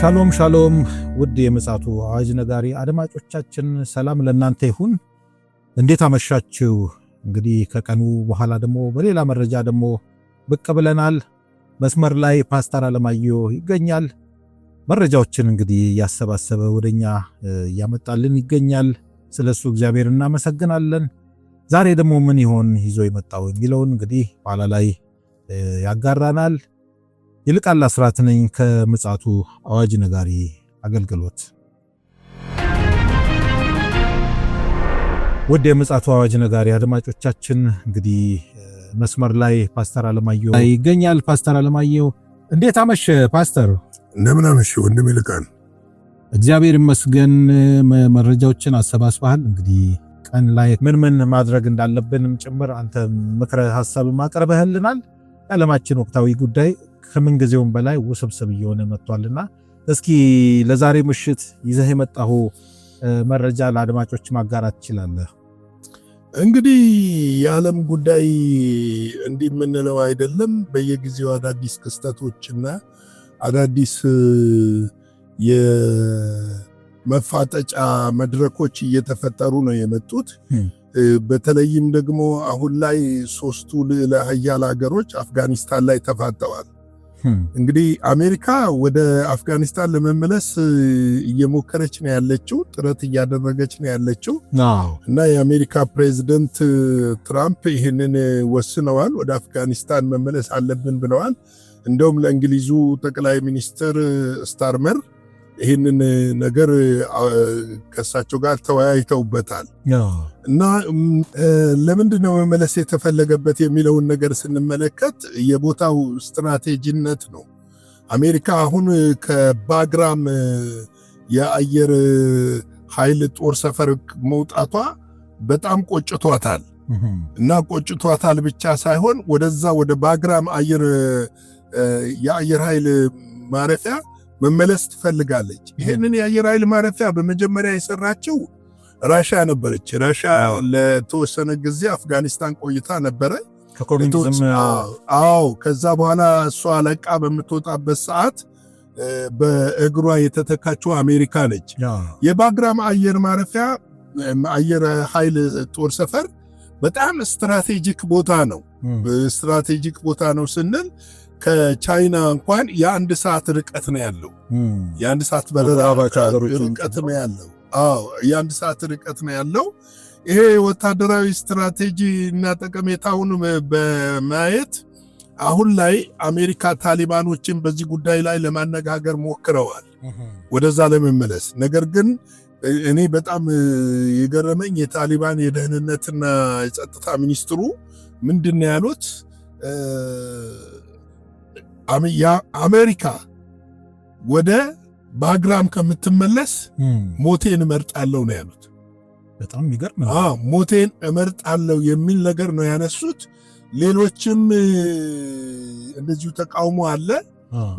ሻሎም ሻሎም ውድ የምፅዓቱ አዋጅ ነጋሪ አድማጮቻችን ሰላም ለእናንተ ይሁን። እንዴት አመሻችው? እንግዲህ ከቀኑ በኋላ ደግሞ በሌላ መረጃ ደግሞ ብቅ ብለናል። መስመር ላይ ፓስተር አለማየሁ ይገኛል። መረጃዎችን እንግዲህ እያሰባሰበ ወደኛ እያመጣልን ይገኛል። ስለሱ እግዚአብሔር እናመሰግናለን። ዛሬ ደግሞ ምን ይሆን ይዞ የመጣው የሚለውን እንግዲህ በኋላ ላይ ያጋራናል። ይልቃል አስራት ነኝ ከምፅዓቱ አዋጅ ነጋሪ አገልግሎት። ወደ የምፅዓቱ አዋጅ ነጋሪ አድማጮቻችን እንግዲህ መስመር ላይ ፓስተር አለማየሁ ይገኛል። ፓስተር አለማየሁ እንዴት አመሽ? ፓስተር እንደምን አመሽ ወንድም ይልቃል? እግዚአብሔር ይመስገን። መረጃዎችን አሰባስበሃል። እንግዲህ ቀን ላይ ምን ምን ማድረግ እንዳለብንም ጭምር አንተ ምክረ ሀሳብ አቅርበህልናል። የዓለማችን ወቅታዊ ጉዳይ ከምን ጊዜውም በላይ ውስብስብ እየሆነ መጥቷልና እስኪ ለዛሬ ምሽት ይዘህ የመጣሁ መረጃ ለአድማጮች ማጋራት ትችላለህ? እንግዲህ የዓለም ጉዳይ እንዲህ የምንለው አይደለም። በየጊዜው አዳዲስ ክስተቶች አዳዲስ የመፋጠጫ መድረኮች እየተፈጠሩ ነው የመጡት። በተለይም ደግሞ አሁን ላይ ሶስቱ ልዕለ ሀያል ሀገሮች አፍጋኒስታን ላይ ተፋጠዋል። Hmm. እንግዲህ አሜሪካ ወደ አፍጋኒስታን ለመመለስ እየሞከረች ነው ያለችው፣ ጥረት እያደረገች ነው ያለችው እና የአሜሪካ ፕሬዚደንት ትራምፕ ይህንን ወስነዋል። ወደ አፍጋኒስታን መመለስ አለብን ብለዋል። እንደውም ለእንግሊዙ ጠቅላይ ሚኒስትር ስታርመር ይህንን ነገር ከእሳቸው ጋር ተወያይተውበታል እና ለምንድን ነው መመለስ የተፈለገበት የሚለውን ነገር ስንመለከት የቦታው ስትራቴጂነት ነው። አሜሪካ አሁን ከባግራም የአየር ኃይል ጦር ሰፈር መውጣቷ በጣም ቆጭቷታል እና ቆጭቷታል ብቻ ሳይሆን ወደዛ ወደ ባግራም የአየር ኃይል ማረፊያ መመለስ ትፈልጋለች። ይህንን የአየር ኃይል ማረፊያ በመጀመሪያ የሰራችው ራሻ ነበረች። ራሻ ለተወሰነ ጊዜ አፍጋኒስታን ቆይታ ነበረ። አዎ፣ ከዛ በኋላ እሷ ለቃ በምትወጣበት ሰዓት በእግሯ የተተካችው አሜሪካ ነች። የባግራም አየር ማረፊያ አየር ኃይል ጦር ሰፈር በጣም ስትራቴጂክ ቦታ ነው። ስትራቴጂክ ቦታ ነው ስንል ከቻይና እንኳን የአንድ ሰዓት ርቀት ነው ያለው። hmm. የአንድ ሰዓት በረራ ርቀት ነው ያለው። አዎ የአንድ ሰዓት ርቀት ነው ያለው። ይሄ ወታደራዊ ስትራቴጂ እና ጠቀሜታውን በማየት አሁን ላይ አሜሪካ ታሊባኖችን በዚህ ጉዳይ ላይ ለማነጋገር ሞክረዋል፣ hmm. ወደዛ ለመመለስ ነገር ግን እኔ በጣም የገረመኝ የታሊባን የደህንነትና የጸጥታ ሚኒስትሩ ምንድን ያሉት አሜሪካ ወደ ባግራም ከምትመለስ ሞቴን እመርጣለሁ ነው ያሉት። በጣም የሚገርም ሞቴን እመርጣለሁ የሚል ነገር ነው ያነሱት። ሌሎችም እንደዚሁ ተቃውሞ አለ።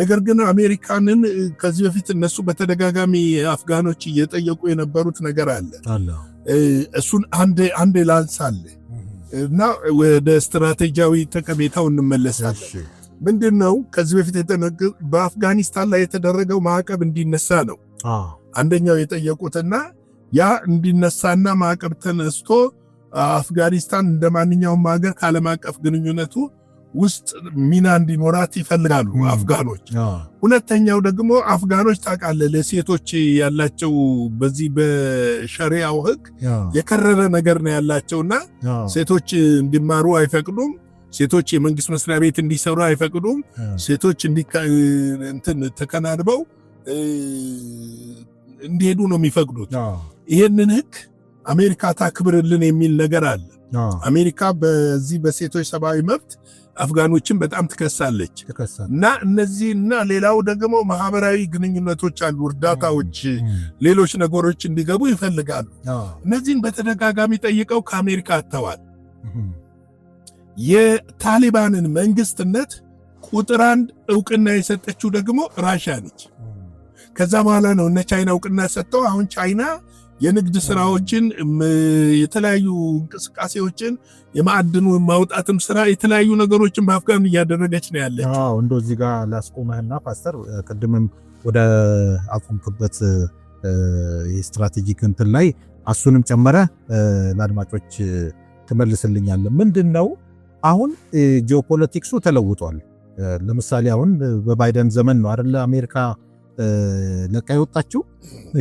ነገር ግን አሜሪካንን ከዚህ በፊት እነሱ በተደጋጋሚ አፍጋኖች እየጠየቁ የነበሩት ነገር አለ። እሱን አንዴ ላንሳለ እና ወደ ስትራቴጂያዊ ጠቀሜታው እንመለሳለን። ምንድን ነው ከዚህ በፊት በአፍጋኒስታን ላይ የተደረገው ማዕቀብ እንዲነሳ ነው አንደኛው የጠየቁትና ያ እንዲነሳና ማዕቀብ ተነስቶ አፍጋኒስታን እንደ ማንኛውም ሀገር ከዓለም አቀፍ ግንኙነቱ ውስጥ ሚና እንዲኖራት ይፈልጋሉ አፍጋኖች። ሁለተኛው ደግሞ አፍጋኖች ታውቃለህ፣ ለሴቶች ያላቸው በዚህ በሸሪያው ሕግ የከረረ ነገር ነው ያላቸውና ሴቶች እንዲማሩ አይፈቅዱም። ሴቶች የመንግስት መስሪያ ቤት እንዲሰሩ አይፈቅዱም። ሴቶች እንትን ተከናንበው እንዲሄዱ ነው የሚፈቅዱት። ይህንን ህግ አሜሪካ ታክብርልን የሚል ነገር አለ። አሜሪካ በዚህ በሴቶች ሰብአዊ መብት አፍጋኖችን በጣም ትከሳለች እና እነዚህ እና ሌላው ደግሞ ማህበራዊ ግንኙነቶች አሉ፣ እርዳታዎች፣ ሌሎች ነገሮች እንዲገቡ ይፈልጋሉ። እነዚህን በተደጋጋሚ ጠይቀው ከአሜሪካ አጥተዋል። የታሊባንን መንግስትነት ቁጥር አንድ እውቅና የሰጠችው ደግሞ ራሻ ነች። ከዛ በኋላ ነው እነ ቻይና እውቅና ሰጥተው አሁን ቻይና የንግድ ስራዎችን የተለያዩ እንቅስቃሴዎችን የማዕድኑ ማውጣትም ስራ የተለያዩ ነገሮችን በአፍጋን እያደረገች ነው ያለች። እንዶ እዚህ ጋር ላስቆመህና ፓስተር ቅድምም ወደ አቆምክበት የስትራቴጂክ እንትን ላይ አሱንም ጨመረ ለአድማጮች ትመልስልኛለ ምንድን ነው አሁን ጂኦፖለቲክሱ ተለውጧል። ለምሳሌ አሁን በባይደን ዘመን ነው አደለ አሜሪካ ለቃ የወጣችው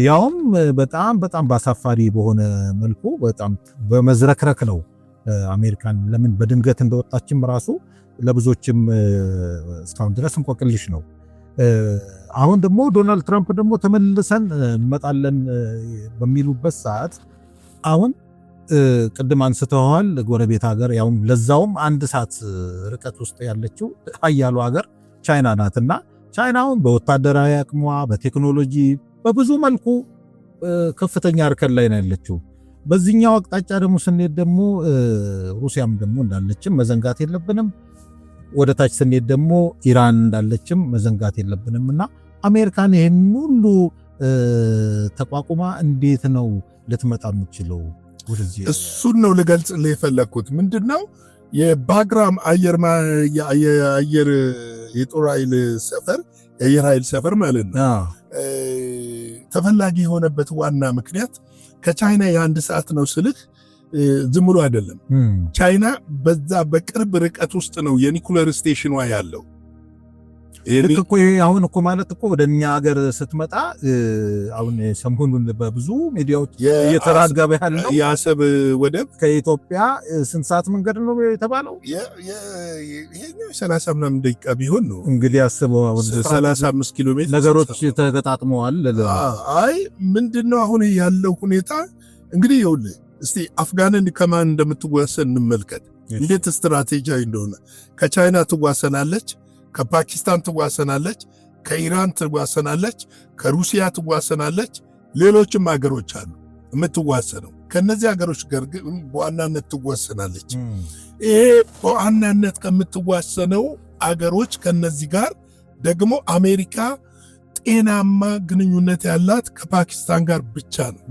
ያውም በጣም በጣም በአሳፋሪ በሆነ መልኩ በጣም በመዝረክረክ ነው። አሜሪካን ለምን በድንገት እንደወጣችም ራሱ ለብዙዎችም እስካሁን ድረስ እንቆቅልሽ ነው። አሁን ደግሞ ዶናልድ ትራምፕ ደግሞ ተመልሰን እንመጣለን በሚሉበት ሰዓት አሁን ቅድም አንስተዋል። ጎረቤት ሀገር ያውም ለዛውም አንድ ሰዓት ርቀት ውስጥ ያለችው ሀያሉ ሀገር ቻይና ናት እና ቻይናውን በወታደራዊ አቅሟ፣ በቴክኖሎጂ በብዙ መልኩ ከፍተኛ እርከን ላይ ነው ያለችው። በዚህኛው አቅጣጫ ደግሞ ስንሄድ ደግሞ ሩሲያም ደግሞ እንዳለችም መዘንጋት የለብንም። ወደ ታች ስንሄድ ደግሞ ኢራን እንዳለችም መዘንጋት የለብንም እና አሜሪካን ይህን ሁሉ ተቋቁማ እንዴት ነው ልትመጣ የምችለው? እሱን ነው ልገልጽልህ የፈለግኩት። ምንድን ነው የባግራም አየር የአየር የጦር ኃይል ሰፈር የአየር ኃይል ሰፈር ማለት ነው ተፈላጊ የሆነበት ዋና ምክንያት ከቻይና የአንድ ሰዓት ነው ስልህ ዝም ብሎ አይደለም። ቻይና በዛ በቅርብ ርቀት ውስጥ ነው የኒኩለር ስቴሽኗ ያለው። ልክ እኮ አሁን እኮ ማለት እኮ ወደ እኛ ሀገር ስትመጣ አሁን ሰሞኑን በብዙ ሚዲያዎች እየተራገበ ያለው የአሰብ ወደብ ከኢትዮጵያ ስንት ሰዓት መንገድ ነው የተባለው? ይሄኛው ሰላሳ ምናምን ደቂቃ ቢሆን ነው እንግዲህ አስበው፣ ሰላሳ አምስት ኪሎ ሜትር ነገሮች ተገጣጥመዋል። አይ ምንድን ነው አሁን ያለው ሁኔታ እንግዲህ ይኸውልህ፣ እስቲ አፍጋንን ከማን እንደምትዋሰን እንመልከት፣ እንዴት ስትራቴጂያዊ እንደሆነ ከቻይና ትዋሰናለች ከፓኪስታን ትዋሰናለች፣ ከኢራን ትዋሰናለች፣ ከሩሲያ ትዋሰናለች። ሌሎችም ሀገሮች አሉ የምትዋሰነው ከነዚህ ሀገሮች ጋር ግን በዋናነት ትዋሰናለች። ይሄ በዋናነት ከምትዋሰነው አገሮች ከነዚህ ጋር ደግሞ አሜሪካ ጤናማ ግንኙነት ያላት ከፓኪስታን ጋር ብቻ ነው።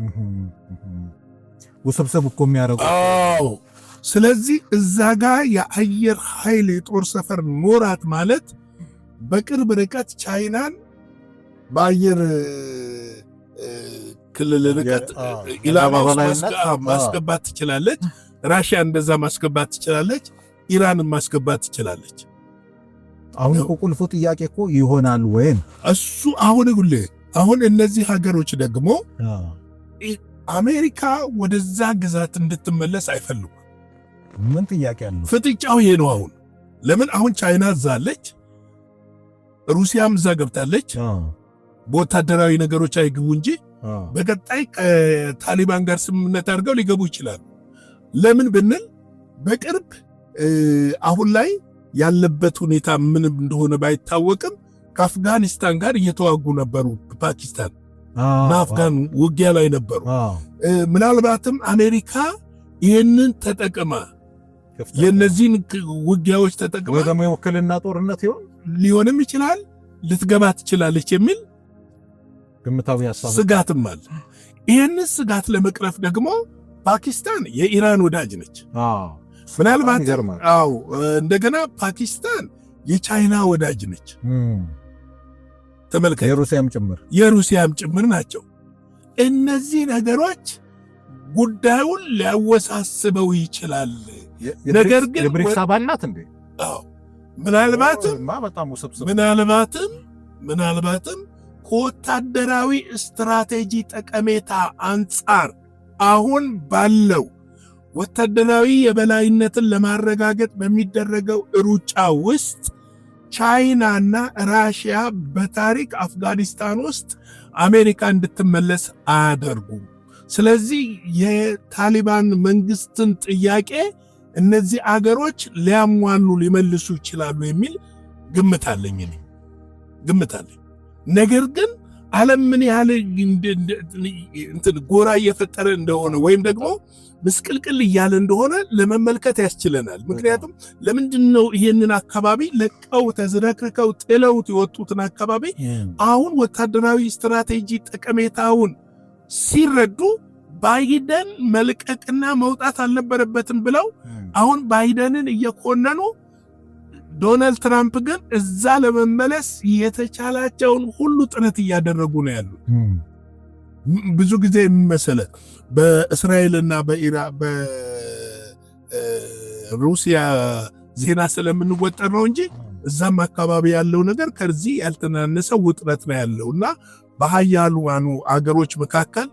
ውስብስብ እኮ የሚያደርጉ ስለዚህ እዛ ጋ የአየር ኃይል የጦር ሰፈር ኖራት ማለት በቅርብ ርቀት ቻይናን በአየር ክልል ርቀት ኢላማ ማስገባት ትችላለች። ራሽያ እንደዛ ማስገባት ትችላለች። ኢራንን ማስገባት ትችላለች። አሁን ቁልፉ ጥያቄ እኮ ይሆናል ወይም እሱ አሁን ሁሌ አሁን እነዚህ ሀገሮች ደግሞ አሜሪካ ወደዛ ግዛት እንድትመለስ አይፈልጉም። ምን ጥያቄ አለው? ፍጥጫው ይሄ ነው። አሁን ለምን አሁን ቻይና እዛለች፣ ሩሲያም እዛ ገብታለች። በወታደራዊ ነገሮች አይግቡ እንጂ በቀጣይ ታሊባን ጋር ስምምነት አድርገው ሊገቡ ይችላሉ። ለምን ብንል በቅርብ አሁን ላይ ያለበት ሁኔታ ምን እንደሆነ ባይታወቅም ከአፍጋኒስታን ጋር እየተዋጉ ነበሩ። ፓኪስታን እና ውጊያ ላይ ነበሩ። ምናልባትም አሜሪካ ይህንን ተጠቅማ የእነዚህን ውጊያዎች ተጠቅመ ወይ ደግሞ የውክልና ጦርነት ይሆን ሊሆንም ይችላል ልትገባ ትችላለች የሚል ግምታዊ ስጋትም አለ። ይህን ስጋት ለመቅረፍ ደግሞ ፓኪስታን የኢራን ወዳጅ ነች። ምናልባት አዎ፣ እንደገና ፓኪስታን የቻይና ወዳጅ ነች። ተመልከት፣ የሩሲያም ጭምር የሩሲያም ጭምር ናቸው። እነዚህ ነገሮች ጉዳዩን ሊያወሳስበው ይችላል። ነገር ግን የብሪክስ አባል ናት እንዴ? ምናልባትም በጣም ውስብስብ ምናልባትም ምናልባትም ከወታደራዊ ስትራቴጂ ጠቀሜታ አንጻር አሁን ባለው ወታደራዊ የበላይነትን ለማረጋገጥ በሚደረገው ሩጫ ውስጥ ቻይናና ራሽያ በታሪክ አፍጋኒስታን ውስጥ አሜሪካ እንድትመለስ አያደርጉም። ስለዚህ የታሊባን መንግስትን ጥያቄ እነዚህ አገሮች ሊያሟሉ ሊመልሱ ይችላሉ የሚል ግምት አለኝ እኔ ግምት አለኝ። ነገር ግን ዓለም ምን ያህል እንትን ጎራ እየፈጠረ እንደሆነ ወይም ደግሞ ምስቅልቅል እያለ እንደሆነ ለመመልከት ያስችለናል። ምክንያቱም ለምንድን ነው ይህንን አካባቢ ለቀው ተዝረክርከው ጥለውት የወጡትን አካባቢ አሁን ወታደራዊ ስትራቴጂ ጠቀሜታውን ሲረዱ ባይደን መልቀቅና መውጣት አልነበረበትም ብለው አሁን ባይደንን እየኮነኑ ዶናልድ ትራምፕ ግን እዛ ለመመለስ የተቻላቸውን ሁሉ ጥረት እያደረጉ ነው ያሉ። ብዙ ጊዜ የሚመሰለ በእስራኤልና በሩሲያ ዜና ስለምንወጠር ነው እንጂ እዛም አካባቢ ያለው ነገር ከዚህ ያልተናነሰ ውጥረት ነው ያለው እና በሀያላኑ አገሮች መካከል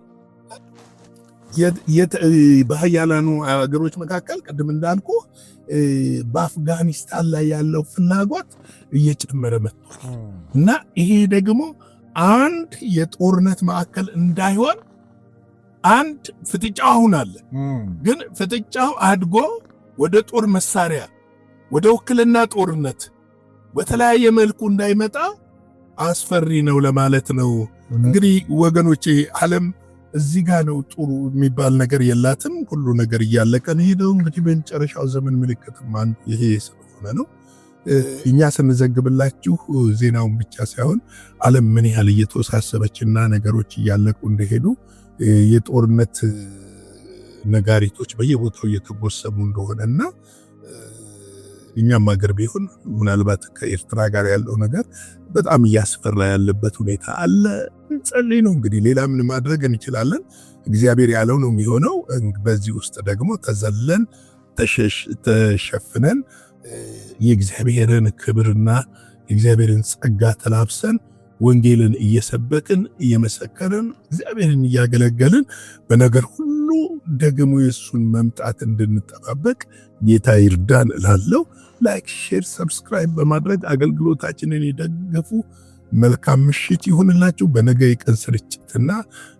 በሀያላኑ ሀገሮች መካከል ቅድም እንዳልኩ በአፍጋኒስታን ላይ ያለው ፍላጎት እየጨመረ መጥቷል እና ይሄ ደግሞ አንድ የጦርነት ማዕከል እንዳይሆን አንድ ፍጥጫ አሁን አለ፣ ግን ፍጥጫው አድጎ ወደ ጦር መሳሪያ ወደ ውክልና ጦርነት በተለያየ መልኩ እንዳይመጣ አስፈሪ ነው ለማለት ነው። እንግዲህ ወገኖቼ ዓለም እዚህ ጋር ነው ጥሩ የሚባል ነገር የላትም። ሁሉ ነገር እያለቀ ነው። ይሄ እንግዲህ በመጨረሻው ዘመን ምልክትም አንዱ ይሄ ስለሆነ ነው። እኛ ስንዘግብላችሁ ዜናውን ብቻ ሳይሆን ዓለም ምን ያህል እየተወሳሰበችና ነገሮች እያለቁ እንደሄዱ የጦርነት ነጋሪቶች በየቦታው እየተጎሰሙ እና እኛም አገር ቢሆን ምናልባት ከኤርትራ ጋር ያለው ነገር በጣም እያስፈራ ያለበት ሁኔታ አለ። ጸልይ ነው እንግዲህ፣ ሌላ ምን ማድረግ እንችላለን? እግዚአብሔር ያለው ነው የሚሆነው። በዚህ ውስጥ ደግሞ ተዘለን ተሸፍነን የእግዚአብሔርን ክብርና የእግዚአብሔርን ጸጋ ተላብሰን ወንጌልን እየሰበክን እየመሰከርን እግዚአብሔርን እያገለገልን በነገር ሁሉ ደግሞ የእሱን መምጣት እንድንጠባበቅ ጌታ ይርዳን እላለሁ። ላይክ፣ ሼር፣ ሰብስክራይብ በማድረግ አገልግሎታችንን የደገፉ መልካም ምሽት ይሁንላችሁ። በነገ የቀን ስርጭትና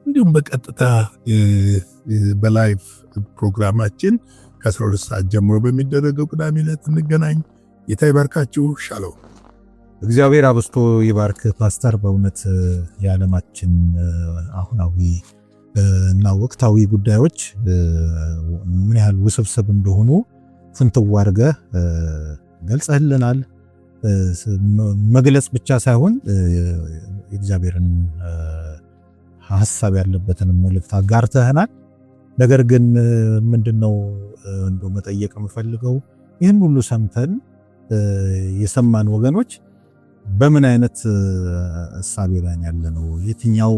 እንዲሁም በቀጥታ በላይቭ ፕሮግራማችን ከ12 ሰዓት ጀምሮ በሚደረገው ቅዳሜ ዕለት እንገናኝ። ጌታ ይባርካችሁ። ሻለው እግዚአብሔር አብስቶ ይባርክ ፓስተር። በእውነት የዓለማችን አሁናዊ እና ወቅታዊ ጉዳዮች ምን ያህል ውስብስብ እንደሆኑ ፍንትው አድርገህ ገልጸህልናል። መግለጽ ብቻ ሳይሆን እግዚአብሔርን ሀሳብ ያለበትን መልእክት አጋርተህናል። ነገር ግን ምንድነው እንደ መጠየቅ የምፈልገው ይህን ሁሉ ሰምተን የሰማን ወገኖች በምን አይነት እሳቤ ላይ ያለ ነው? የትኛው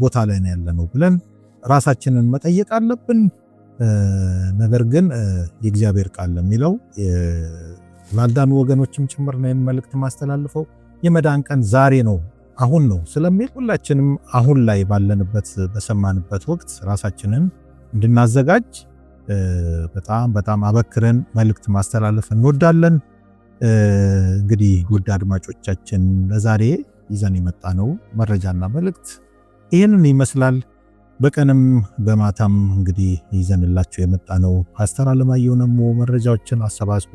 ቦታ ላይ ነው ያለነው ብለን ራሳችንን መጠየቅ አለብን። ነገር ግን የእግዚአብሔር ቃል ለሚለው ላልዳኑ ወገኖችም ጭምር ነው መልእክት ማስተላልፈው የመዳን ቀን ዛሬ ነው አሁን ነው ስለሚል ሁላችንም አሁን ላይ ባለንበት በሰማንበት ወቅት ራሳችንን እንድናዘጋጅ በጣም በጣም አበክረን መልእክት ማስተላለፍ እንወዳለን። እንግዲህ ውድ አድማጮቻችን ለዛሬ ይዘን የመጣ ነው መረጃና መልእክት ይህንን ይመስላል። በቀንም በማታም እንግዲህ ይዘንላችሁ የመጣ ነው ፓስተር አለማየሁ ነሞ መረጃዎችን አሰባስቦ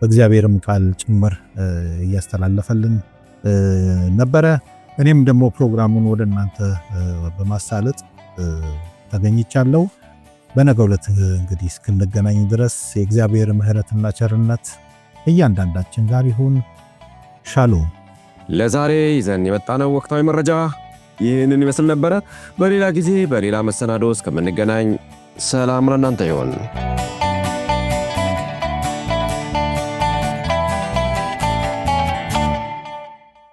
በእግዚአብሔርም ቃል ጭምር እያስተላለፈልን ነበረ። እኔም ደግሞ ፕሮግራሙን ወደ እናንተ በማሳለጥ ተገኝቻለሁ። በነገ ዕለት እንግዲህ እስክንገናኝ ድረስ የእግዚአብሔር ምሕረትና ቸርነት እያንዳንዳችን ጋር ይሁን። ሻሎም ለዛሬ ይዘን የመጣነው ወቅታዊ መረጃ ይህንን ይመስል ነበረ። በሌላ ጊዜ በሌላ መሰናዶ እስከምንገናኝ ሰላም ለእናንተ ይሆን።